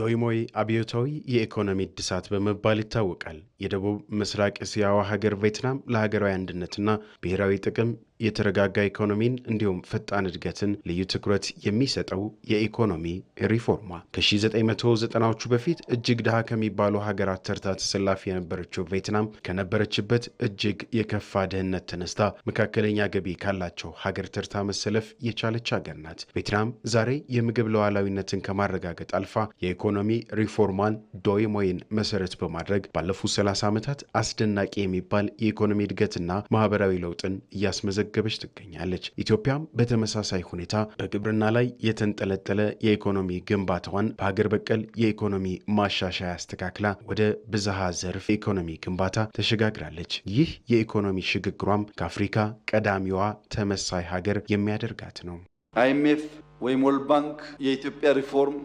ዶይሞይ አብዮታዊ የኢኮኖሚ እድሳት በመባል ይታወቃል። የደቡብ ምስራቅ እስያዋ ሀገር ቬትናም ለሀገራዊ አንድነትና ብሔራዊ ጥቅም የተረጋጋ ኢኮኖሚን እንዲሁም ፈጣን እድገትን ልዩ ትኩረት የሚሰጠው የኢኮኖሚ ሪፎርሟ ከ1990ዎቹ በፊት እጅግ ድሃ ከሚባሉ ሀገራት ተርታ ተሰላፊ የነበረችው ቬትናም ከነበረችበት እጅግ የከፋ ድህነት ተነስታ መካከለኛ ገቢ ካላቸው ሀገር ተርታ መሰለፍ የቻለች ሀገር ናት። ቬትናም ዛሬ የምግብ ሉዓላዊነትን ከማረጋገጥ አልፋ የኢኮኖሚ ሪፎርሟን ዶይሞይን መሰረት በማድረግ ባለፉት 30 ዓመታት አስደናቂ የሚባል የኢኮኖሚ እድገትና ማህበራዊ ለውጥን እያስመዘግ እየዘገበች ትገኛለች። ኢትዮጵያም በተመሳሳይ ሁኔታ በግብርና ላይ የተንጠለጠለ የኢኮኖሚ ግንባታዋን በሀገር በቀል የኢኮኖሚ ማሻሻያ አስተካክላ ወደ ብዝሃ ዘርፍ የኢኮኖሚ ግንባታ ተሸጋግራለች። ይህ የኢኮኖሚ ሽግግሯም ከአፍሪካ ቀዳሚዋ ተመሳይ ሀገር የሚያደርጋት ነው። አይኤምኤፍ ወይም ወርልድ ባንክ የኢትዮጵያ ሪፎርም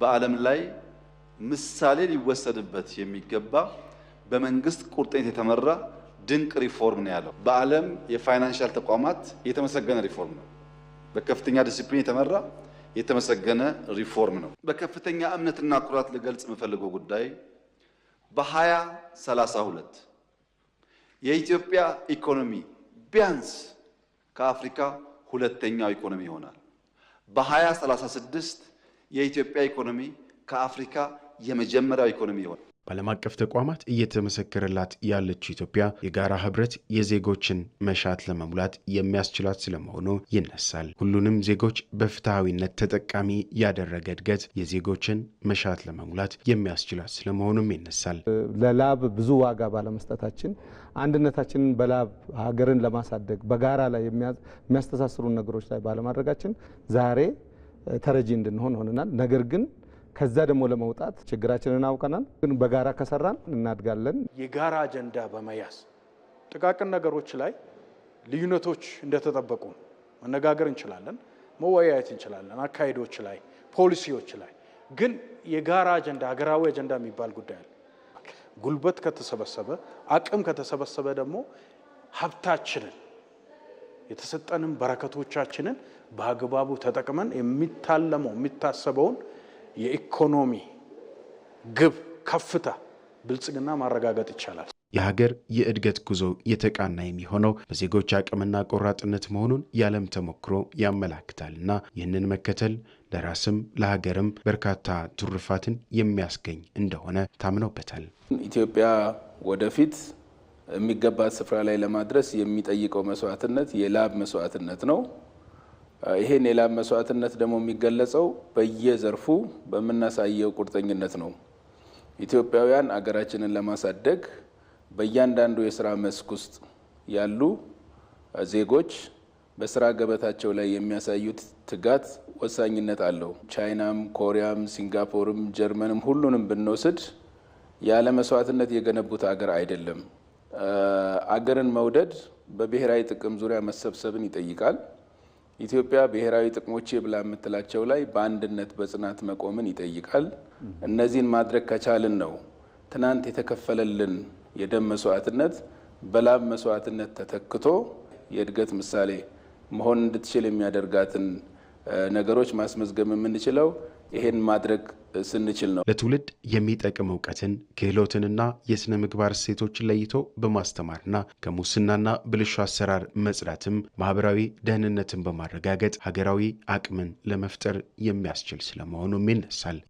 በዓለም ላይ ምሳሌ ሊወሰድበት የሚገባ በመንግስት ቁርጠኝነት የተመራ ድንቅ ሪፎርም ነው ያለው። በዓለም የፋይናንሻል ተቋማት የተመሰገነ ሪፎርም ነው። በከፍተኛ ዲስፕሊን የተመራ የተመሰገነ ሪፎርም ነው። በከፍተኛ እምነትና ኩራት ልገልጽ የምፈልገው ጉዳይ በ2032 የኢትዮጵያ ኢኮኖሚ ቢያንስ ከአፍሪካ ሁለተኛው ኢኮኖሚ ይሆናል። በ2036 የኢትዮጵያ ኢኮኖሚ ከአፍሪካ የመጀመሪያው ኢኮኖሚ ይሆናል። በዓለም አቀፍ ተቋማት እየተመሰከረላት ያለችው ኢትዮጵያ የጋራ ህብረት የዜጎችን መሻት ለመሙላት የሚያስችላት ስለመሆኑ ይነሳል። ሁሉንም ዜጎች በፍትሐዊነት ተጠቃሚ ያደረገ እድገት የዜጎችን መሻት ለመሙላት የሚያስችላት ስለመሆኑም ይነሳል። ለላብ ብዙ ዋጋ ባለመስጠታችን አንድነታችንን በላብ ሀገርን ለማሳደግ በጋራ ላይ የሚያስተሳስሩን ነገሮች ላይ ባለማድረጋችን ዛሬ ተረጂ እንድንሆን ሆነናል። ነገር ግን ከዛ ደግሞ ለመውጣት ችግራችንን አውቀናል፣ ግን በጋራ ከሰራን እናድጋለን። የጋራ አጀንዳ በመያዝ ጥቃቅን ነገሮች ላይ ልዩነቶች እንደተጠበቁ መነጋገር እንችላለን፣ መወያየት እንችላለን። አካሄዶች ላይ፣ ፖሊሲዎች ላይ ግን የጋራ አጀንዳ ሀገራዊ አጀንዳ የሚባል ጉዳይ አለ። ጉልበት ከተሰበሰበ አቅም ከተሰበሰበ ደግሞ ሀብታችንን የተሰጠንን በረከቶቻችንን በአግባቡ ተጠቅመን የሚታለመው የሚታሰበውን የኢኮኖሚ ግብ ከፍታ ብልጽግና ማረጋገጥ ይቻላል። የሀገር የእድገት ጉዞ የተቃና የሚሆነው በዜጎች አቅምና ቆራጥነት መሆኑን የዓለም ተሞክሮ ያመላክታልና ይህንን መከተል ለራስም ለሀገርም በርካታ ትሩፋትን የሚያስገኝ እንደሆነ ታምነውበታል። ኢትዮጵያ ወደፊት የሚገባት ስፍራ ላይ ለማድረስ የሚጠይቀው መስዋዕትነት የላብ መስዋዕትነት ነው። ይሄን የላብ መስዋዕትነት ደግሞ የሚገለጸው በየዘርፉ በምናሳየው ቁርጠኝነት ነው። ኢትዮጵያውያን አገራችንን ለማሳደግ በእያንዳንዱ የስራ መስክ ውስጥ ያሉ ዜጎች በስራ ገበታቸው ላይ የሚያሳዩት ትጋት ወሳኝነት አለው። ቻይናም፣ ኮሪያም፣ ሲንጋፖርም፣ ጀርመንም ሁሉንም ብንወስድ ያለ መስዋዕትነት የገነቡት አገር አይደለም። አገርን መውደድ በብሔራዊ ጥቅም ዙሪያ መሰብሰብን ይጠይቃል። ኢትዮጵያ ብሔራዊ ጥቅሞቼ ብላ የምትላቸው ላይ በአንድነት በጽናት መቆምን ይጠይቃል። እነዚህን ማድረግ ከቻልን ነው ትናንት የተከፈለልን የደም መስዋዕትነት በላብ መስዋዕትነት ተተክቶ የእድገት ምሳሌ መሆን እንድትችል የሚያደርጋትን ነገሮች ማስመዝገብ የምንችለው ይሄን ማድረግ ስንችል ነው። ለትውልድ የሚጠቅም እውቀትን ክህሎትንና የሥነ ምግባር እሴቶችን ለይቶ በማስተማርና ከሙስናና ብልሹ አሰራር መጽዳትም ማህበራዊ ደህንነትን በማረጋገጥ ሀገራዊ አቅምን ለመፍጠር የሚያስችል ስለመሆኑም ይነሳል።